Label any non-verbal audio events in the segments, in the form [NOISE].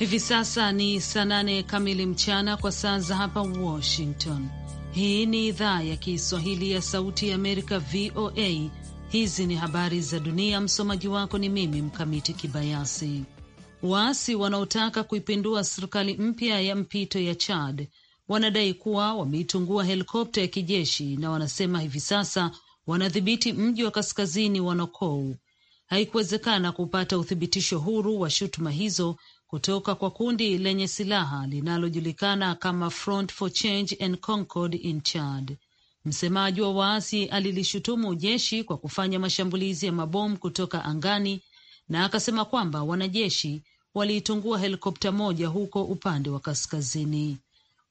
Hivi sasa ni saa nane kamili mchana kwa saa za hapa Washington. Hii ni idhaa ya Kiswahili ya Sauti ya Amerika, VOA. Hizi ni habari za dunia. Msomaji wako ni mimi Mkamiti Kibayasi. Waasi wanaotaka kuipindua serikali mpya ya mpito ya Chad wanadai kuwa wameitungua helikopta ya kijeshi na wanasema hivi sasa wanadhibiti mji wa kaskazini wa Nokou. Haikuwezekana kupata uthibitisho huru wa shutuma hizo kutoka kwa kundi lenye silaha linalojulikana kama Front for Change and Concord in Chad. Msemaji wa waasi alilishutumu jeshi kwa kufanya mashambulizi ya mabomu kutoka angani na akasema kwamba wanajeshi waliitungua helikopta moja huko upande wa kaskazini.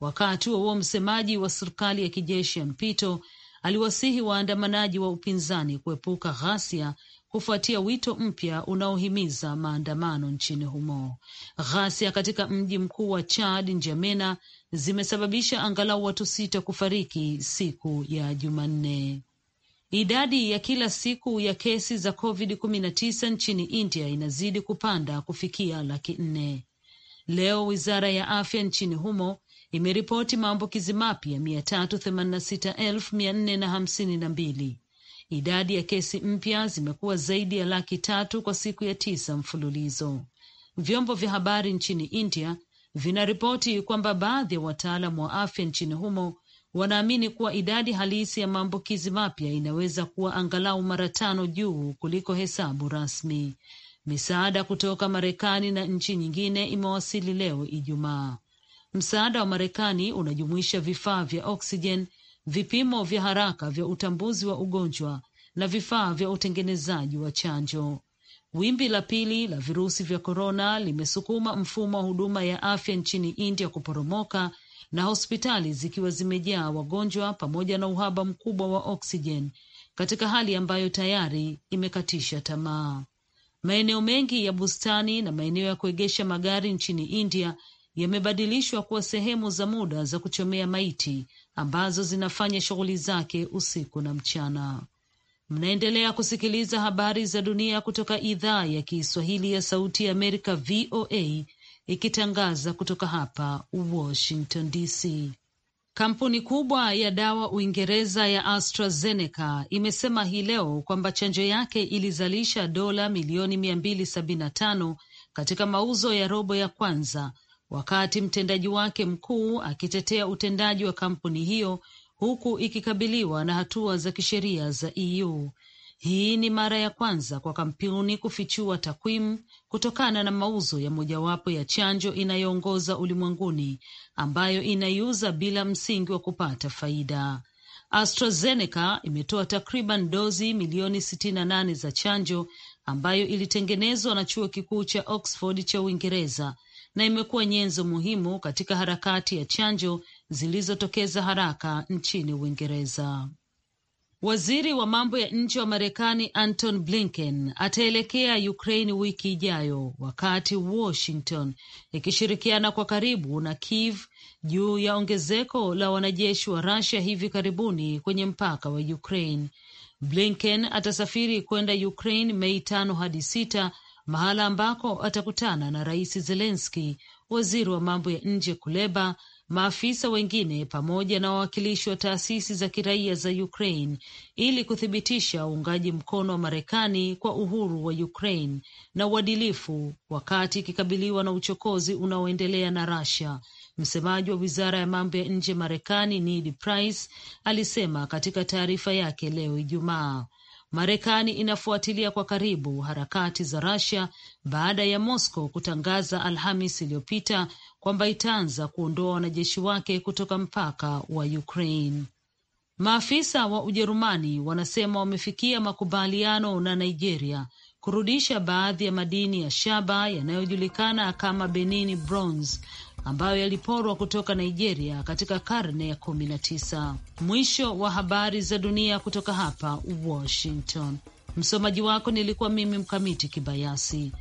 Wakati huo msemaji wa serikali ya kijeshi ya mpito aliwasihi waandamanaji wa upinzani kuepuka ghasia kufuatia wito mpya unaohimiza maandamano nchini humo. Ghasia katika mji mkuu wa Chad, Njamena, zimesababisha angalau watu sita kufariki siku ya Jumanne. Idadi ya kila siku ya kesi za COVID-19 nchini India inazidi kupanda kufikia laki nne. Leo wizara ya afya nchini humo imeripoti maambukizi mapya 386,452 Idadi ya kesi mpya zimekuwa zaidi ya laki tatu kwa siku ya tisa mfululizo. Vyombo vya habari nchini India vinaripoti kwamba baadhi ya wataalam wa afya nchini humo wanaamini kuwa idadi halisi ya maambukizi mapya inaweza kuwa angalau mara tano juu kuliko hesabu rasmi. Misaada kutoka Marekani na nchi nyingine imewasili leo Ijumaa. Msaada wa Marekani unajumuisha vifaa vya oksijeni vipimo vya haraka vya utambuzi wa ugonjwa na vifaa vya utengenezaji wa chanjo. Wimbi la pili la virusi vya korona limesukuma mfumo wa huduma ya afya nchini India kuporomoka na hospitali zikiwa zimejaa wagonjwa pamoja na uhaba mkubwa wa oksijeni katika hali ambayo tayari imekatisha tamaa. Maeneo mengi ya bustani na maeneo ya kuegesha magari nchini India yamebadilishwa kuwa sehemu za muda za kuchomea maiti ambazo zinafanya shughuli zake usiku na mchana. Mnaendelea kusikiliza habari za dunia kutoka idhaa ya Kiswahili ya Sauti ya Amerika, VOA, ikitangaza kutoka hapa Washington DC. Kampuni kubwa ya dawa Uingereza ya AstraZeneca imesema hii leo kwamba chanjo yake ilizalisha dola milioni 275 katika mauzo ya robo ya kwanza wakati mtendaji wake mkuu akitetea utendaji wa kampuni hiyo huku ikikabiliwa na hatua za kisheria za EU. Hii ni mara ya kwanza kwa kampuni kufichua takwimu kutokana na mauzo ya mojawapo ya chanjo inayoongoza ulimwenguni ambayo inaiuza bila msingi wa kupata faida. AstraZeneca imetoa takriban dozi milioni 68 za chanjo ambayo ilitengenezwa na chuo kikuu cha Oxford cha Uingereza na imekuwa nyenzo muhimu katika harakati ya chanjo zilizotokeza haraka nchini Uingereza. Waziri wa mambo ya nje wa Marekani Anton Blinken ataelekea Ukraine wiki ijayo, wakati Washington ikishirikiana kwa karibu na Kiev juu ya ongezeko la wanajeshi wa Russia hivi karibuni kwenye mpaka wa Ukraine. Blinken atasafiri kwenda Ukraine Mei tano hadi sita mahala ambako atakutana na Rais Zelenski, waziri wa mambo ya nje Kuleba, maafisa wengine pamoja na wawakilishi wa taasisi za kiraia za Ukraine ili kuthibitisha uungaji mkono wa Marekani kwa uhuru wa Ukraine na uadilifu, wakati ikikabiliwa na uchokozi unaoendelea na Russia. Msemaji wa wizara ya mambo ya nje Marekani Ned Price alisema katika taarifa yake leo Ijumaa Marekani inafuatilia kwa karibu harakati za rasia baada ya Moscow kutangaza Alhamis iliyopita kwamba itaanza kuondoa wanajeshi wake kutoka mpaka wa Ukraine. Maafisa wa Ujerumani wanasema wamefikia makubaliano na Nigeria kurudisha baadhi ya madini ya shaba yanayojulikana kama Benini bronze ambayo yaliporwa kutoka Nigeria katika karne ya 19. Mwisho wa habari za dunia kutoka hapa Washington. Msomaji wako nilikuwa mimi Mkamiti Kibayasi.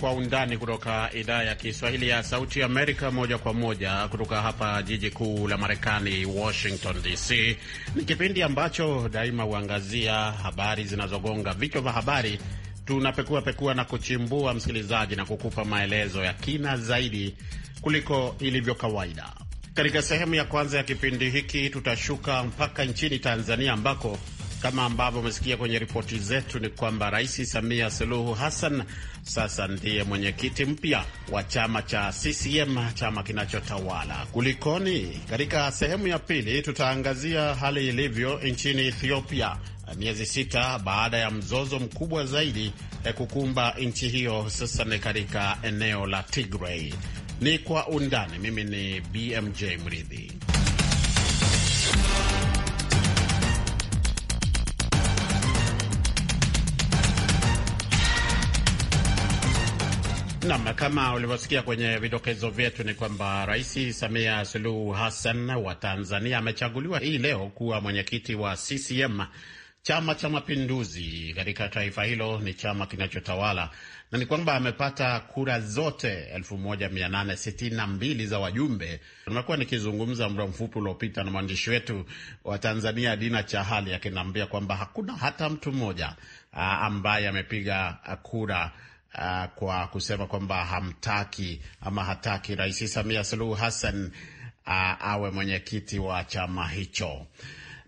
Kwa Undani kutoka idhaa ya Kiswahili ya Sauti Amerika, moja kwa moja kutoka hapa jiji kuu la Marekani, Washington DC. Ni kipindi ambacho daima huangazia habari zinazogonga vichwa vya habari. Tunapekua pekua na kuchimbua, msikilizaji, na kukupa maelezo ya kina zaidi kuliko ilivyo kawaida. Katika sehemu ya kwanza ya kipindi hiki, tutashuka mpaka nchini Tanzania ambako kama ambavyo umesikia kwenye ripoti zetu, ni kwamba Rais Samia Suluhu Hassan sasa ndiye mwenyekiti mpya wa chama cha CCM, chama kinachotawala. Kulikoni? Katika sehemu ya pili tutaangazia hali ilivyo nchini Ethiopia miezi sita baada ya mzozo mkubwa zaidi ya eh, kukumba nchi hiyo, hususan katika eneo la Tigray. Ni kwa undani. Mimi ni BMJ Mridhi. Nam, kama ulivyosikia kwenye vidokezo vyetu ni kwamba Rais Samia Suluhu Hassan wa Tanzania amechaguliwa hii leo kuwa mwenyekiti wa CCM, Chama cha Mapinduzi, katika taifa hilo. Ni chama kinachotawala na ni kwamba amepata kura zote 1862 za wajumbe. Nimekuwa nikizungumza muda mfupi uliopita na mwandishi wetu wa Tanzania Dina Chahali akiniambia kwamba hakuna hata mtu mmoja ambaye amepiga kura uh, kwa kusema kwamba hamtaki ama hataki Rais Samia Suluhu Hassan uh, awe mwenyekiti wa chama hicho,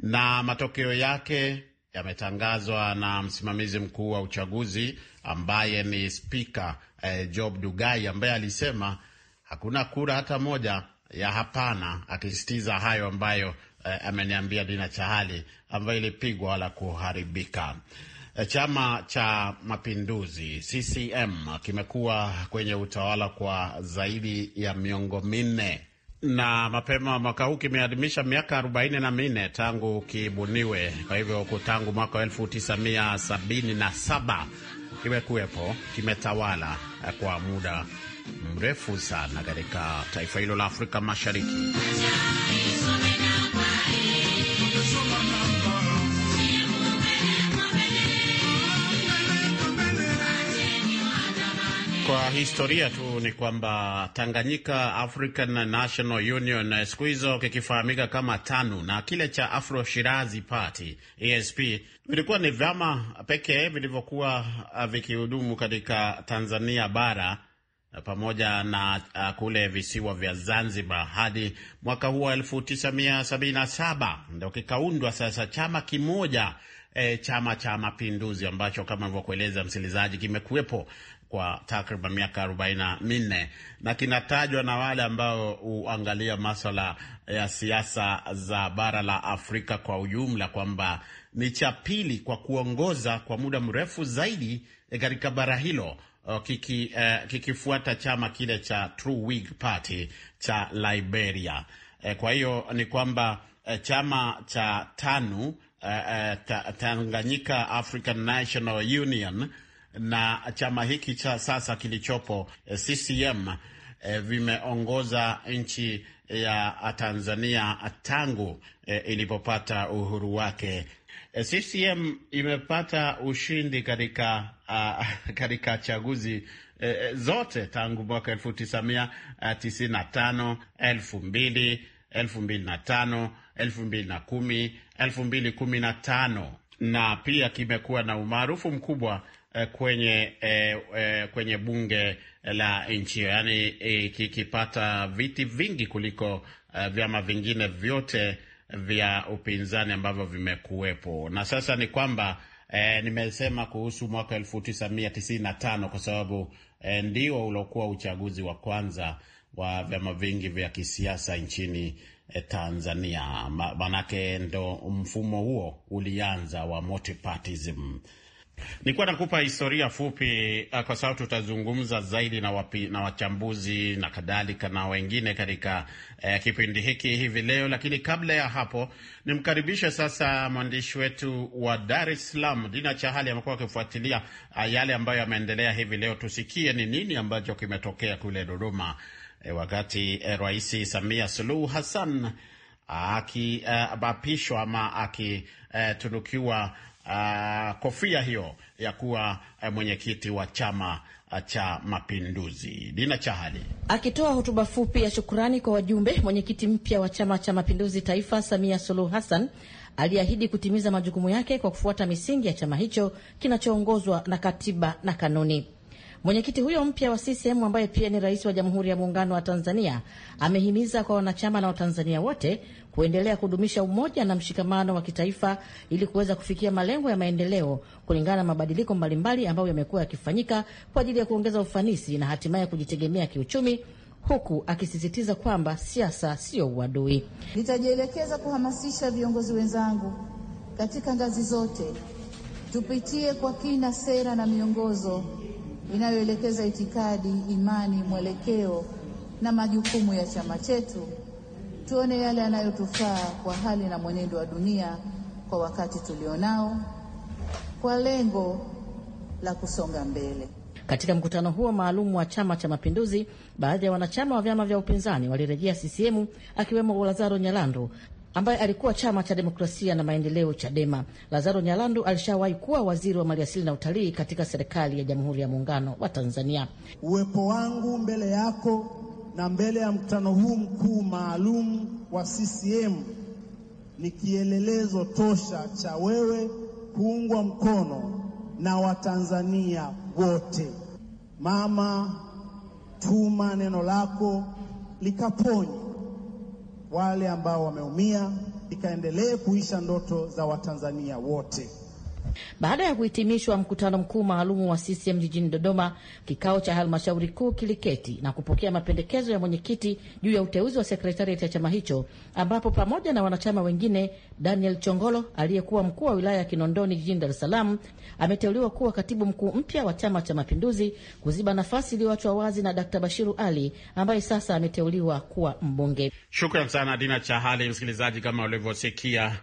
na matokeo yake yametangazwa na msimamizi mkuu wa uchaguzi ambaye ni spika eh, Job Dugai ambaye alisema hakuna kura hata moja ya hapana, akisisitiza hayo ambayo eh, ameniambia Dina Chahali ambayo ilipigwa wala kuharibika. Eh, Chama cha Mapinduzi CCM kimekuwa kwenye utawala kwa zaidi ya miongo minne na mapema mwaka huu kimeadhimisha miaka arobaini na minne tangu kibuniwe. Kwa hivyo tangu mwaka wa elfu tisa mia sabini na saba kimekuwepo, kimetawala eh, kwa muda mrefu sana katika taifa hilo la Afrika Mashariki. historia tu ni kwamba Tanganyika African National Union siku hizo kikifahamika kama TANU na kile cha Afro Shirazi Party ASP vilikuwa ni vyama pekee vilivyokuwa uh, vikihudumu katika Tanzania bara uh, pamoja na uh, kule visiwa vya Zanzibar hadi mwaka huu 1977 ndio kikaundwa sasa chama kimoja E, Chama cha Mapinduzi ambacho kama nilivyokueleza msikilizaji, kimekuwepo kwa takriban miaka arobaini na minne na kinatajwa na wale ambao huangalia maswala ya siasa za bara la Afrika kwa ujumla kwamba ni cha pili kwa kuongoza kwa muda mrefu zaidi eh, katika bara hilo eh, kiki, eh, kikifuata chama kile cha True Whig Party cha Liberia. Eh, kwa hiyo ni kwamba eh, chama cha TANU eh, eh ta, Tanganyika African National Union na chama hiki cha sasa kilichopo eh, CCM eh, vimeongoza nchi eh, ya Tanzania tangu ilipopata uhuru wake. CCM imepata ushindi katika uh, [LAUGHS] katika chaguzi uh, zote tangu mwaka elfu tisa mia ah, tisini na tano elfu mbili elfu mbili na tano elfu mbili na kumi elfu mbili kumi na tano na pia kimekuwa na umaarufu mkubwa Eh, kwenye eh, eh, kwenye bunge la nchi hiyo, yaani ikipata eh, viti vingi kuliko eh, vyama vingine vyote vya upinzani ambavyo vimekuwepo. Na sasa ni kwamba eh, nimesema kuhusu mwaka elfu tisa mia tisini na tano kwa sababu eh, ndio uliokuwa uchaguzi wa kwanza wa vyama vingi vya kisiasa nchini eh, Tanzania. Manake ndo mfumo huo ulianza wa multipartyism nikuwa nakupa historia fupi, eh, kwa sababu tutazungumza zaidi na, wapi, na wachambuzi na kadhalika na wengine katika eh, kipindi hiki hivi leo, lakini kabla ya hapo nimkaribishe sasa mwandishi wetu wa Dar es Salaam Dina Chahali amekuwa akifuatilia eh, yale ambayo yameendelea hivi leo. Tusikie ni nini ambacho kimetokea kule Dodoma eh, wakati eh, Rais Samia Suluhu Hassan akiapishwa eh, ama akitunukiwa uh, kofia hiyo ya kuwa eh, mwenyekiti wa Chama ah, cha Mapinduzi. Dina Chahali akitoa hotuba fupi ya shukurani kwa wajumbe, mwenyekiti mpya wa Chama cha Mapinduzi Taifa Samia Suluhu Hassan aliahidi kutimiza majukumu yake kwa kufuata misingi ya chama hicho kinachoongozwa na katiba na kanuni. Mwenyekiti huyo mpya wa CCM ambaye pia ni rais wa Jamhuri ya Muungano wa Tanzania amehimiza kwa wanachama na Watanzania wote kuendelea kudumisha umoja na mshikamano wa kitaifa ili kuweza kufikia malengo ya maendeleo kulingana na mabadiliko mbalimbali ambayo yamekuwa yakifanyika kwa ajili ya kuongeza ufanisi na hatimaye kujitegemea kiuchumi huku akisisitiza kwamba siasa sio uadui. Nitajielekeza kuhamasisha viongozi wenzangu katika ngazi zote tupitie kwa kina sera na miongozo inayoelekeza itikadi, imani, mwelekeo na majukumu ya chama chetu. Tuone yale yanayotufaa kwa hali na mwenendo wa dunia kwa wakati tulionao kwa lengo la kusonga mbele. Katika mkutano huo maalum wa Chama cha Mapinduzi, baadhi ya wanachama wa vyama vya upinzani walirejea CCM akiwemo Lazaro Nyalandu ambaye alikuwa chama cha demokrasia na maendeleo Chadema. Lazaro Nyalandu alishawahi kuwa waziri wa maliasili na utalii katika serikali ya Jamhuri ya Muungano wa Tanzania. Uwepo wangu mbele yako na mbele ya mkutano huu mkuu maalum wa CCM ni kielelezo tosha cha wewe kuungwa mkono na Watanzania wote. Mama, tuma neno lako likaponye wale ambao wameumia, ikaendelee kuisha ndoto za Watanzania wote. Baada ya kuhitimishwa mkutano mkuu maalumu wa CCM jijini Dodoma, kikao cha halmashauri kuu kiliketi na kupokea mapendekezo ya mwenyekiti juu ya uteuzi wa sekretarieti ya chama hicho, ambapo pamoja na wanachama wengine, Daniel Chongolo aliyekuwa mkuu wa wilaya ya Kinondoni jijini Dar es Salaam ameteuliwa kuwa katibu mkuu mpya wa Chama cha Mapinduzi, kuziba nafasi iliyoachwa wazi na Dkt. Bashiru Ali ambaye sasa ameteuliwa kuwa mbunge. Shukran sana Dina Chahali. Msikilizaji, kama ulivyosikia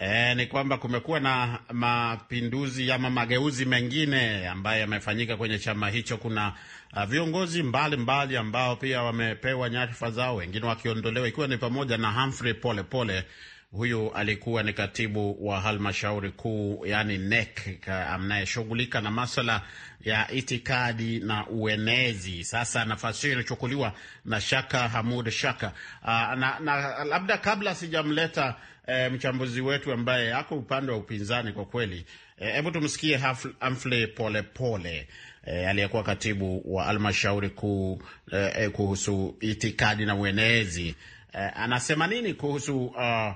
E, ni kwamba kumekuwa na mapinduzi ama mageuzi mengine ambayo yamefanyika kwenye chama hicho. Kuna uh, viongozi mbalimbali mbali ambao pia wamepewa nyadhifa zao, wengine wakiondolewa, ikiwa ni pamoja na Humphrey Polepole. Huyu alikuwa ni katibu wa halmashauri kuu, yani NEC, anayeshughulika na maswala ya itikadi na uenezi. Sasa nafasi hiyo inachukuliwa na Shaka Hamud Shaka. Uh, na, na labda kabla sijamleta e, mchambuzi wetu ambaye ako upande wa upinzani kwa kweli. Eh, hebu e, tumsikie Humphrey Polepole e, eh, aliyekuwa katibu wa halmashauri kuu e, kuhusu itikadi na uenezi e, anasema nini kuhusu uh,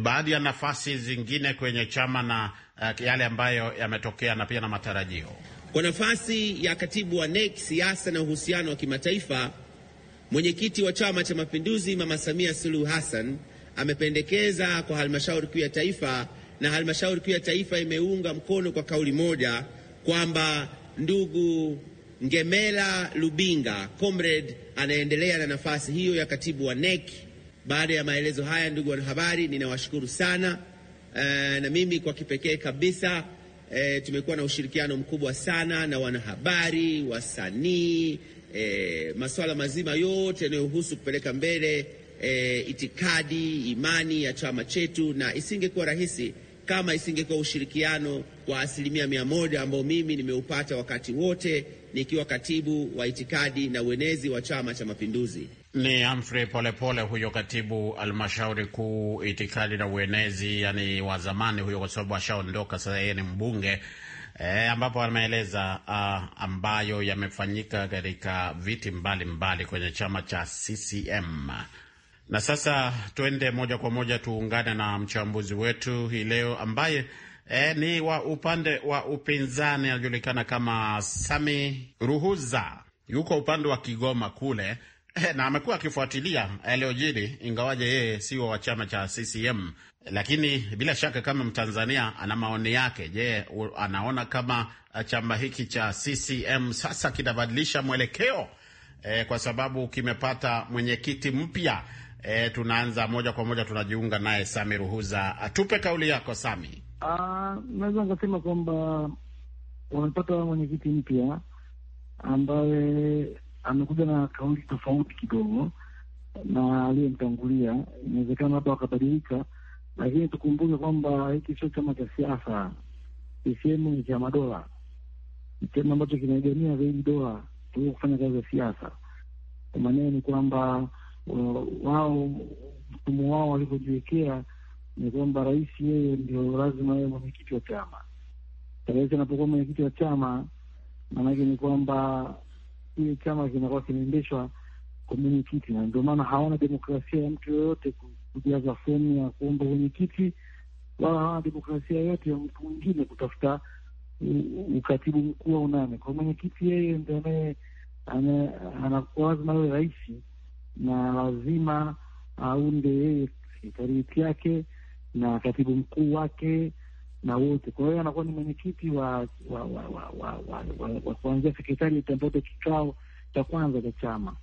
baadhi ya nafasi zingine kwenye chama na uh, yale ambayo yametokea na pia na matarajio kwa nafasi ya katibu wa NEC siasa na uhusiano wa kimataifa. Mwenyekiti wa Chama cha Mapinduzi Mama Samia Suluhu Hassan amependekeza kwa halmashauri kuu ya taifa na halmashauri kuu ya taifa imeunga mkono kwa kauli moja kwamba ndugu Ngemela Lubinga comrade anaendelea na nafasi hiyo ya katibu wa NEC. Baada ya maelezo haya, ndugu wanahabari, ninawashukuru sana e, na mimi kwa kipekee kabisa e, tumekuwa na ushirikiano mkubwa sana na wanahabari, wasanii, e, eh, masuala mazima yote yanayohusu kupeleka mbele e, itikadi, imani ya chama chetu, na isingekuwa rahisi kama isingekuwa ushirikiano wa asilimia mia moja ambao mimi nimeupata wakati wote nikiwa katibu wa itikadi na uenezi wa Chama cha Mapinduzi. Ni Humphrey Polepole huyo katibu almashauri kuu itikadi na uenezi, yani wa zamani huyo, kwa sababu ashaondoka sasa, yeye ni mbunge e, ambapo ameeleza uh, ambayo yamefanyika katika viti mbalimbali mbali kwenye chama cha CCM na sasa tuende moja kwa moja tuungane na mchambuzi wetu hii leo ambaye E, ni wa upande wa upinzani anajulikana kama Sami Ruhuza, yuko upande wa Kigoma kule e, na amekuwa akifuatilia yaliyojiri, ingawaje yeye sio wa chama cha CCM, lakini bila shaka kama Mtanzania ana maoni yake. Je, anaona kama chama hiki cha CCM sasa kinabadilisha mwelekeo e, kwa sababu kimepata mwenyekiti mpya E, tunaanza moja kwa moja, tunajiunga naye Sami Ruhuza. Atupe kauli yako Sami. Ah, naweza nikasema kwamba wamepata mwenyekiti mpya ambaye amekuja na kauli tofauti kidogo na aliyemtangulia. Inawezekana labda wakabadilika, lakini tukumbuke kwamba hiki sio chama cha siasa. CCM ni chama dola, ni chama ambacho kinaegemea zaidi dola kuliko kufanya kazi ya siasa. Kwa maneno ni kwamba Uh, wao mfumo wao walivyojiwekea ni kwamba rais yeye ndio lazima yeye mwenyekiti wa chama. Rais anapokuwa mwenyekiti wa chama, maanake ni kwamba kile chama kinakuwa kinaendeshwa kwa mwenyekiti, na ndio maana hawana demokrasia ya mtu yoyote kujaza fomu ya kuomba mwenyekiti, wala hawana demokrasia yoyote ya mtu mwingine kutafuta ukatibu mkuu au nane. Kwa mwenyekiti yeye ndio anakuwa lazima awe rais na lazima aunde yeye sekretariat yake na katibu mkuu wake na wote. Kwa hiyo anakuwa ni mwenyekiti wa wa wa wa, wa, wa, wa, wa kuanzia sekretariat ambapo kikao cha kwanza cha chama.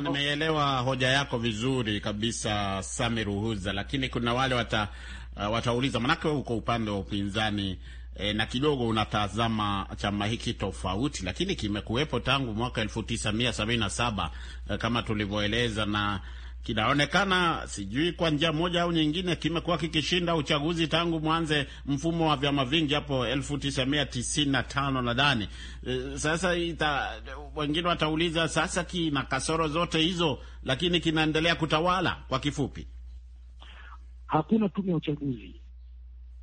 Nimeelewa hoja yako vizuri kabisa, Sami Ruhuza, lakini kuna wale wata, uh, watauliza manake uko upande wa upinzani e, na kidogo unatazama chama hiki tofauti, lakini kimekuwepo tangu mwaka 1977 e, kama tulivyoeleza na kinaonekana sijui kwa njia moja au nyingine kimekuwa kikishinda uchaguzi tangu mwanze mfumo wa vyama vingi hapo 1995 nadhani. E, sasa ita, wengine watauliza sasa kina kasoro zote hizo, lakini kinaendelea kutawala. Kwa kifupi, hakuna tume ya uchaguzi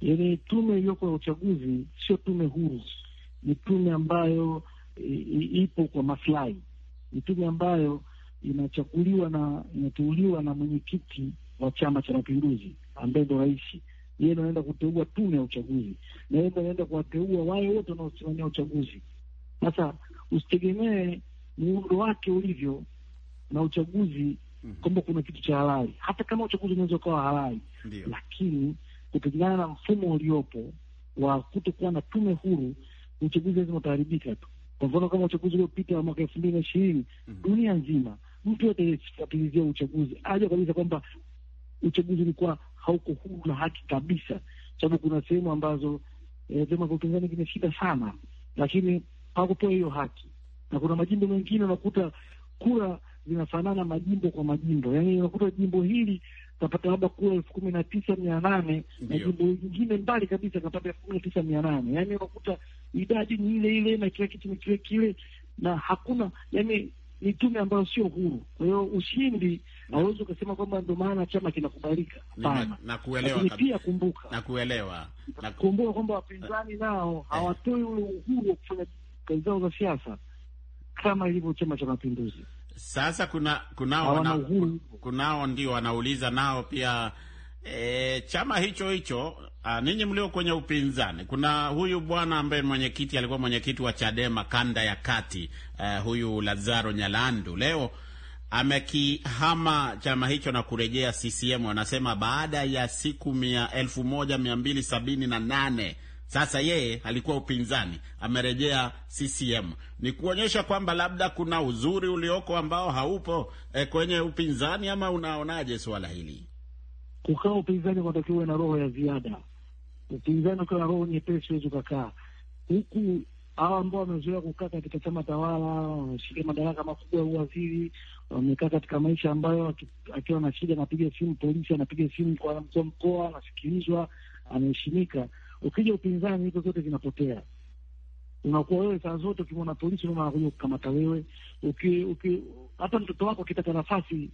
yenye tume iliyoko ya uchaguzi sio tume huru, ni tume ambayo ipo kwa maslahi, ni tume ambayo inachaguliwa na inateuliwa na mwenyekiti wa Chama cha Mapinduzi ambaye ndo rais. Yeye ndo anaenda kuteua tume ya uchaguzi na yeye ndo anaenda kuwateua wale wote wanaosimamia uchaguzi. Sasa usitegemee muundo wake ulivyo na uchaguzi mhm. kwamba kuna kitu cha halali, hata kama uchaguzi unaweza ukawa halali, lakini kupigana na mfumo uliopo wa kutokuwa na tume huru, uchaguzi lazima utaharibika tu. Kwa mfano kama uchaguzi uliopita wa mwaka elfu mbili na ishirini mm dunia nzima mtu yote aliyefuatilizia uchaguzi aja kabisa kwamba uchaguzi ulikuwa hauko huru na haki kabisa, sababu kuna sehemu ambazo e, vyama vya upinzani vimeshinda sana, lakini hawakupewa hiyo haki, na kuna majimbo mengine unakuta kura zinafanana majimbo kwa majimbo, yaani unakuta jimbo hili kapata labda kura elfu kumi na tisa mia nane na jimbo nyingine mbali kabisa kapata elfu kumi na tisa mia nane yaani unakuta idadi ni ile ile na kila kitu ni kile kile na hakuna yani ni tume ambayo sio huru. Kwa hiyo ushindi hauwezi ukasema kwamba ndio maana chama kinakubalika. Hapana, Pia kumbuka, nakuelewa, kwamba wapinzani eh. nao eh. hawatoi ule uhuru wa kufanya kazi zao za siasa kama ilivyo Chama cha Mapinduzi. Sasa kuna kunao wana, kunao ndio wanauliza nao pia e, chama hicho hicho ninyi mlio kwenye upinzani, kuna huyu bwana ambaye mwenyekiti alikuwa mwenyekiti wa Chadema kanda ya kati e, huyu Lazaro Nyalandu leo amekihama chama hicho na kurejea CCM. Wanasema baada ya siku mia elfu moja mia mbili sabini na nane sasa yeye alikuwa upinzani, amerejea CCM. Ni kuonyesha kwamba labda kuna uzuri ulioko ambao haupo e, kwenye upinzani, ama unaonaje suala hili? Kukaa upinzani kunatakiwa na roho ya ziada. Upinzani ukiwa na roho nyepesi huwezi ukakaa huku. Hawa ambao wamezoea kukaa katika chama tawala, wameshika madaraka makubwa ya uwaziri, wamekaa katika maisha ambayo akiwa na shida anapiga simu polisi, anapiga simu kwa mkuu mkoa, anasikilizwa, anaheshimika Ukija upinzani, hizo zote zinapotea. Unakuwa wewe saa zote ukimwona polisi unaona anakuja kukamata wewe. Uki, uki, hata mtoto wako akitaka nafasi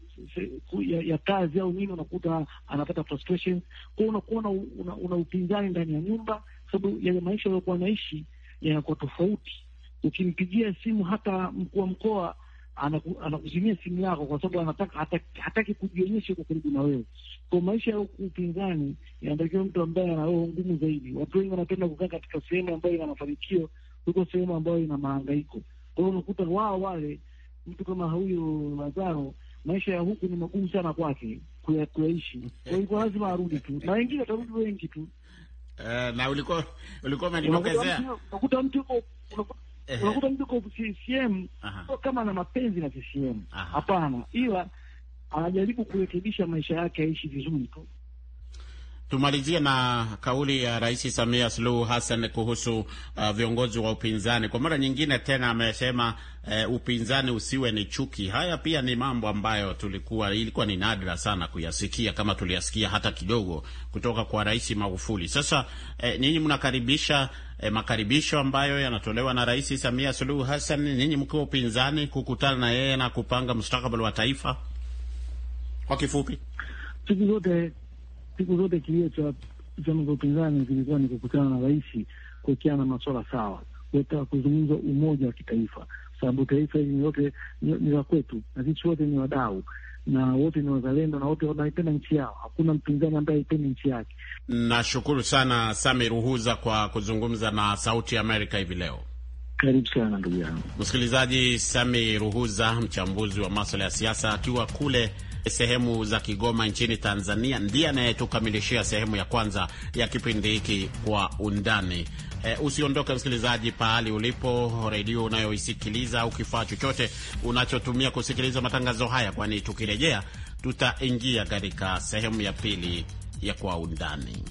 ya, ya kazi au nini, unakuta anapata frustration hiyo Unakuwa una, una upinzani ndani ya nyumba, sababu yale maisha aliyokuwa anaishi yanakuwa tofauti. Ukimpigia simu hata mkuu wa mkoa anakuzimia simu yako kwa sababu anataka hataki, kujionyesha kwa karibu na wewe. Kwa maisha ya upinzani, inatakiwa mtu ambaye ana roho ngumu zaidi. Watu wengi wanapenda kukaa katika sehemu ambayo ina mafanikio kuliko sehemu ambayo ina mahangaiko. Kwa hiyo unakuta wao wale, mtu kama huyo Lazaro, maisha ya huku ni magumu sana kwake kuyaishi, kwa hivyo lazima arudi tu, na wengine atarudi wengi tu. Uh, na ulikuwa ulikuwa unakuta mtu uko CCM sio kama na mapenzi na CCM, hapana, ila anajaribu kurekebisha maisha yake aishi vizuri tu. Tumalizie na kauli ya Rais Samia Suluhu Hassan kuhusu uh, viongozi wa upinzani. Kwa mara nyingine tena amesema uh, upinzani usiwe ni chuki. Haya pia ni mambo ambayo tulikuwa ilikuwa ni nadra sana kuyasikia, kama tuliyasikia hata kidogo kutoka kwa Rais Magufuli. Sasa uh, nyinyi mnakaribisha uh, makaribisho ambayo yanatolewa na Rais Samia Suluhu Hassan, nyinyi mkiwa upinzani, kukutana na yeye na kupanga mustakabali wa taifa kwa kifupi siku zote siku zote kilio cha vyama vya upinzani kilikuwa ni kukutana na rais, kuwekeana na maswala sawa, kuweka kuzungumza umoja wa kitaifa, sababu taifa hili yote ni la kwetu, na sisi wote ni wadau na wote ni wazalendo na wote wanaipenda nchi yao. Hakuna mpinzani ambaye aipendi nchi yake. Nashukuru sana Sami Ruhuza kwa kuzungumza na Sauti Amerika hivi leo. Karibu sana ndugu yangu msikilizaji. Sami Ruhuza, mchambuzi wa maswala ya siasa, akiwa kule sehemu za Kigoma nchini Tanzania, ndiye anayetukamilishia sehemu ya kwanza ya kipindi hiki kwa undani. E, usiondoke msikilizaji, pahali ulipo, redio unayoisikiliza au kifaa chochote unachotumia kusikiliza matangazo haya, kwani tukirejea tutaingia katika sehemu ya pili ya kwa undani.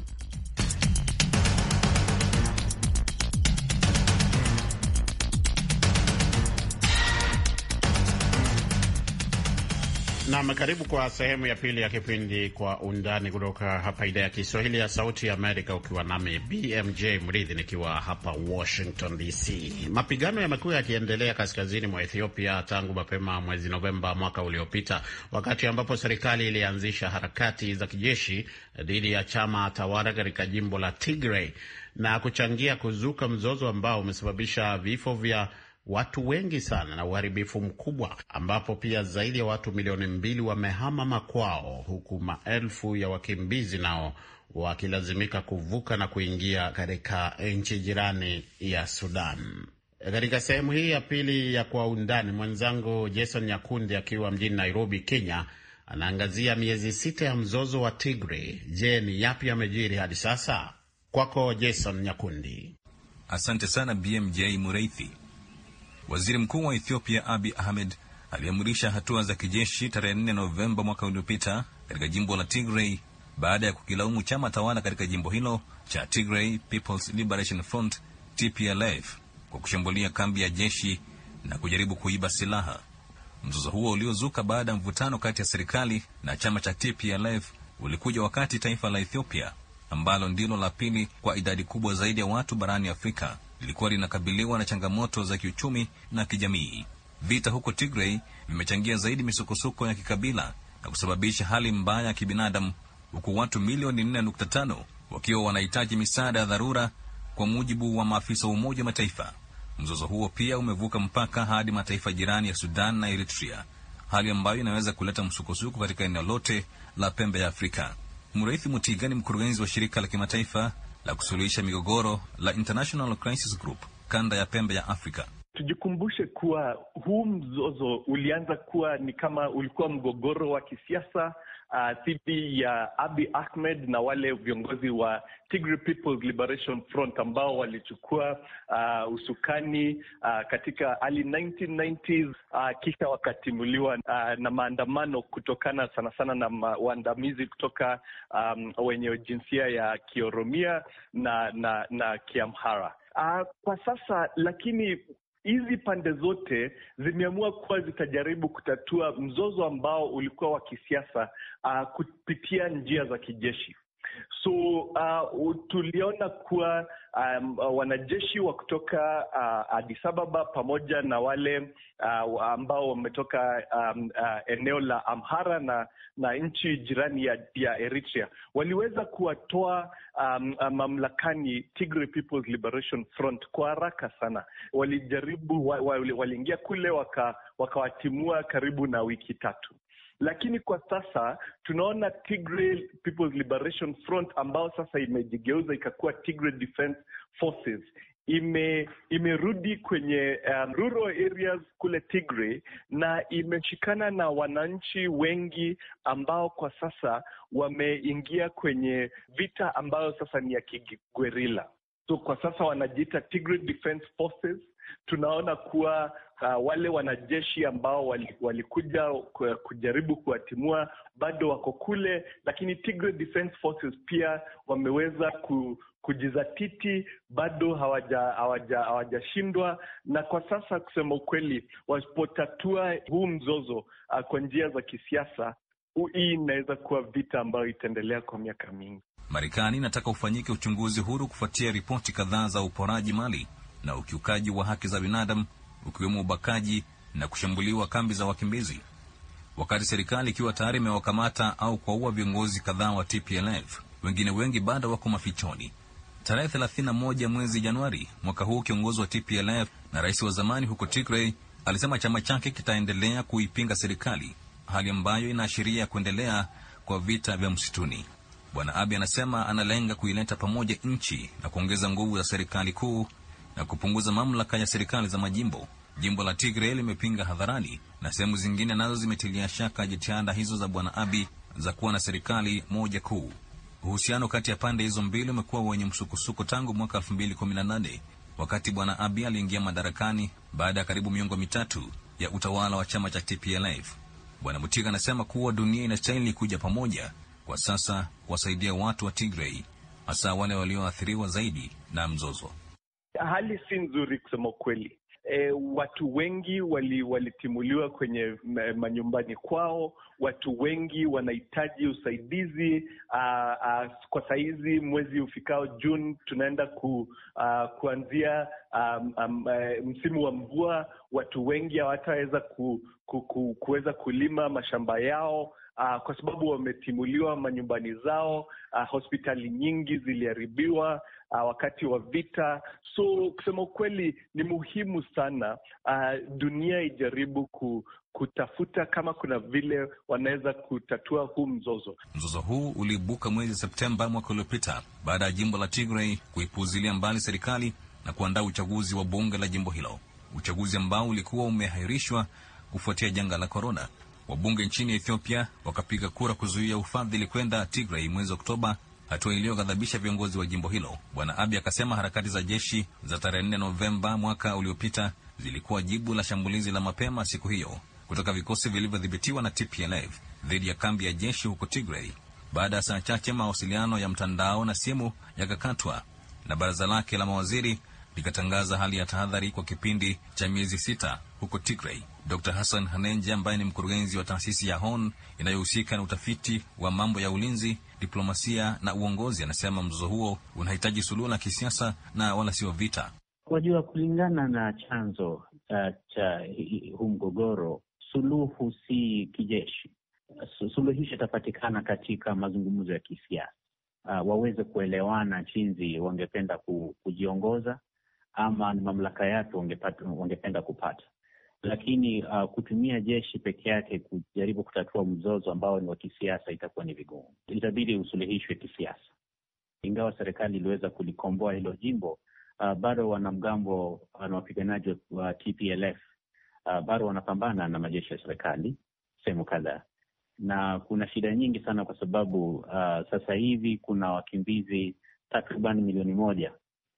Nam, karibu kwa sehemu ya pili ya kipindi Kwa Undani kutoka hapa idhaa ya Kiswahili ya Sauti ya Amerika, ukiwa nami BMJ Mridhi nikiwa hapa Washington DC. Mapigano yamekuwa yakiendelea kaskazini mwa Ethiopia tangu mapema mwezi Novemba mwaka uliopita, wakati ambapo serikali ilianzisha harakati za kijeshi dhidi ya chama tawala katika jimbo la Tigray na kuchangia kuzuka mzozo ambao umesababisha vifo vya watu wengi sana na uharibifu mkubwa, ambapo pia zaidi ya watu milioni mbili wamehama makwao, huku maelfu ya wakimbizi nao wakilazimika kuvuka na kuingia katika nchi jirani ya Sudan. Katika sehemu hii ya pili ya Kwa Undani, mwenzangu Jason Nyakundi akiwa mjini Nairobi, Kenya, anaangazia miezi sita ya mzozo wa Tigray. Je, ni yapi yamejiri hadi sasa? Kwako Jason Nyakundi. Asante sana BMJ Mureithi. Waziri Mkuu wa Ethiopia Abi Ahmed aliamrisha hatua za kijeshi tarehe 4 Novemba mwaka uliopita katika jimbo la Tigray baada ya kukilaumu chama tawala katika jimbo hilo cha Tigray People's Liberation Front TPLF kwa kushambulia kambi ya jeshi na kujaribu kuiba silaha. Mzozo huo uliozuka baada ya mvutano kati ya serikali na chama cha TPLF ulikuja wakati taifa la Ethiopia ambalo ndilo la pili kwa idadi kubwa zaidi ya watu barani Afrika lilikuwa linakabiliwa na changamoto za kiuchumi na kijamii. Vita huko Tigray vimechangia zaidi misukosuko ya kikabila na kusababisha hali mbaya ya kibinadamu, huku watu milioni 4.5 wakiwa wanahitaji misaada ya dharura, kwa mujibu wa maafisa wa Umoja Mataifa. Mzozo huo pia umevuka mpaka hadi mataifa jirani ya Sudan na Eritrea, hali ambayo inaweza kuleta msukosuko katika eneo lote la pembe ya Afrika. Mraithi Mutiga ni mkurugenzi wa shirika la kimataifa la kusuluhisha migogoro la International Crisis Group kanda ya pembe ya Afrika. Tujikumbushe kuwa huu mzozo ulianza kuwa ni kama ulikuwa mgogoro wa kisiasa dhidi uh, ya uh, abi Ahmed na wale viongozi wa Tigray People's Liberation Front ambao walichukua uh, usukani uh, katika early 1990s uh, kisha wakatimuliwa uh, na maandamano kutokana sana sana na waandamizi kutoka um, wenye jinsia ya Kioromia na na, na Kiamhara. Uh, kwa sasa lakini hizi pande zote zimeamua kuwa zitajaribu kutatua mzozo ambao ulikuwa wa kisiasa uh, kupitia njia za kijeshi. So uh, tuliona kuwa um, uh, wanajeshi wa kutoka uh, Addis Ababa pamoja na wale uh, ambao wametoka um, uh, eneo la Amhara na, na nchi jirani ya, ya Eritrea waliweza kuwatoa um, uh, mamlakani Tigray People's Liberation Front kwa haraka sana. Walijaribu, waliingia wali wa, kule wakawatimua waka karibu na wiki tatu lakini kwa sasa tunaona Tigray People's Liberation Front ambao sasa imejigeuza ikakuwa Tigray Defense Forces ime- imerudi kwenye um, rural areas kule Tigray na imeshikana na wananchi wengi ambao kwa sasa wameingia kwenye vita ambayo sasa ni ya kigwerila. So kwa sasa wanajiita Tigray Defense Forces tunaona kuwa uh, wale wanajeshi ambao walikuja wali kujaribu kuwatimua bado wako kule, lakini Tigray Defence Forces pia wameweza ku, kujizatiti bado hawajashindwa hawaja, hawaja na kwa sasa, kusema ukweli, wasipotatua huu mzozo uh, kwa njia za kisiasa, hii inaweza kuwa vita ambayo itaendelea kwa miaka mingi. Marekani inataka ufanyike uchunguzi huru kufuatia ripoti kadhaa za uporaji mali na ukiukaji wa haki za binadamu ukiwemo ubakaji na kushambuliwa kambi za wakimbizi, wakati serikali ikiwa tayari imewakamata au kuwaua viongozi kadhaa wa TPLF. Wengine wengi bado wako mafichoni. Tarehe 31 mwezi Januari mwaka huu, kiongozi wa TPLF na rais wa zamani huko Tigray alisema chama chake kitaendelea kuipinga serikali, hali ambayo inaashiria kuendelea kwa vita vya msituni. Bwana Abiy anasema analenga kuileta pamoja nchi na kuongeza nguvu za serikali kuu na kupunguza mamlaka ya serikali za majimbo. Jimbo la Tigray limepinga hadharani na sehemu zingine nazo zimetilia shaka jitihada hizo za Bwana Abiy za kuwa na serikali moja kuu. Uhusiano kati ya pande hizo mbili umekuwa wenye msukosuko tangu mwaka 2018 wakati Bwana Abiy aliingia madarakani baada ya karibu miongo mitatu ya utawala wa chama cha TPLF. Bwana Mutika anasema kuwa dunia inastahili kuja pamoja kwa sasa kuwasaidia watu wa Tigray, hasa wale walioathiriwa zaidi na mzozo. Hali si nzuri kusema kweli. E, watu wengi wali, walitimuliwa kwenye manyumbani kwao. Watu wengi wanahitaji usaidizi aa, aa, kwa sahizi mwezi ufikao Juni tunaenda ku, aa, kuanzia um, um, msimu wa mvua. Watu wengi hawataweza ku, ku, ku, kuweza kulima mashamba yao uh, kwa sababu wametimuliwa manyumbani zao. Uh, hospitali nyingi ziliharibiwa uh, wakati wa vita. So kusema ukweli, ni muhimu sana uh, dunia ijaribu ku, kutafuta kama kuna vile wanaweza kutatua huu mzozo. Mzozo huu uliibuka mwezi Septemba mwaka uliopita baada ya jimbo la Tigray kuipuzilia mbali serikali na kuandaa uchaguzi wa bunge la jimbo hilo, uchaguzi ambao ulikuwa umeahirishwa kufuatia janga la korona. Wabunge nchini Ethiopia wakapiga kura kuzuia ufadhili kwenda Tigray mwezi Oktoba, hatua iliyoghadhabisha viongozi wa jimbo hilo. Bwana Abiy akasema harakati za jeshi za tarehe 4 Novemba mwaka uliopita zilikuwa jibu la shambulizi la mapema siku hiyo kutoka vikosi vilivyodhibitiwa na TPLF dhidi ya kambi ya jeshi huko Tigray. Baada ya saa chache, mawasiliano ya mtandao na simu yakakatwa na baraza lake la mawaziri likatangaza hali ya tahadhari kwa kipindi cha miezi sita huko Tigray. Dr Hassan Hanenje ambaye ni mkurugenzi wa taasisi ya Horn inayohusika na utafiti wa mambo ya ulinzi, diplomasia na uongozi, anasema mzozo huo unahitaji suluhu la kisiasa na wala sio vita. Wajua, kulingana na chanzo uh, cha huu mgogoro, suluhu si kijeshi. Suluhisho itapatikana katika mazungumzo ya kisiasa. Uh, waweze kuelewana chinzi wangependa ku, kujiongoza ama ni mamlaka yapi wangependa kupata lakini uh, kutumia jeshi peke yake kujaribu kutatua mzozo ambao ni wa kisiasa itakuwa ni vigumu. Itabidi usuluhishwe kisiasa. Ingawa serikali iliweza kulikomboa hilo jimbo, uh, bado wanamgambo na wapiganaji wa TPLF uh, bado wanapambana na majeshi ya serikali sehemu kadhaa, na kuna shida nyingi sana kwa sababu uh, sasa hivi kuna wakimbizi takriban milioni moja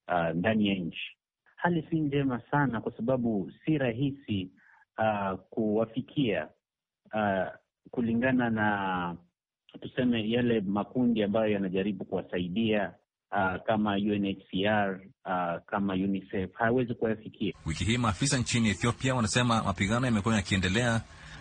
uh, ndani ya nchi hali si njema sana, kwa sababu si rahisi uh, kuwafikia uh, kulingana na tuseme yale makundi ambayo yanajaribu kuwasaidia uh, kama UNHCR uh, kama UNICEF hawezi kuwafikia. Wiki hii maafisa nchini Ethiopia wanasema mapigano yamekuwa yakiendelea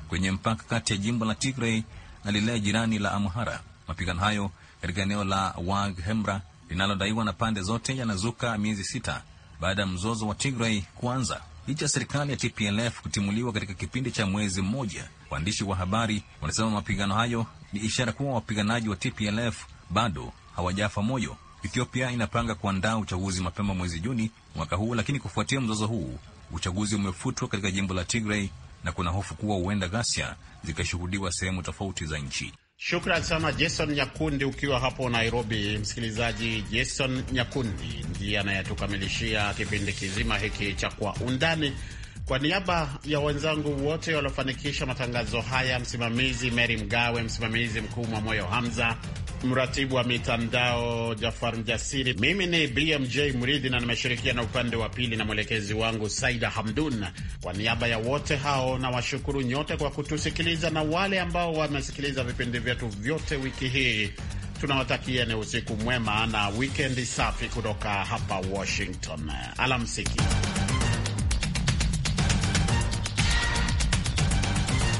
kwenye mpaka kati ya jimbo la Tigray na lile jirani la Amhara. Mapigano hayo katika eneo la Wag Hemra linalodaiwa na pande zote yanazuka miezi sita baada ya mzozo wa Tigray kuanza. Licha ya serikali ya TPLF kutimuliwa katika kipindi cha mwezi mmoja, waandishi wa habari wanasema mapigano hayo ni ishara kuwa wapiganaji wa TPLF bado hawajafa moyo. Ethiopia inapanga kuandaa uchaguzi mapema mwezi Juni mwaka huu, lakini kufuatia mzozo huu uchaguzi umefutwa katika jimbo la Tigray na kuna hofu kuwa huenda ghasia zikashuhudiwa sehemu tofauti za nchi. Shukran sana Jason Nyakundi, ukiwa hapo Nairobi. Msikilizaji, Jason Nyakundi ndiye anayetukamilishia kipindi kizima hiki cha Kwa Undani kwa niaba ya wenzangu wote waliofanikisha matangazo haya, msimamizi Meri Mgawe, msimamizi mkuu mwa Moyo Hamza, mratibu wa mitandao Jafar Mjasiri, mimi ni BMJ Mridhi na nimeshirikiana upande wa pili na mwelekezi wangu Saida Hamdun. Kwa niaba ya wote hao na washukuru nyote kwa kutusikiliza, na wale ambao wamesikiliza vipindi vyetu vyote wiki hii tunawatakia ni usiku mwema na wikendi safi kutoka hapa Washington. Alamsiki.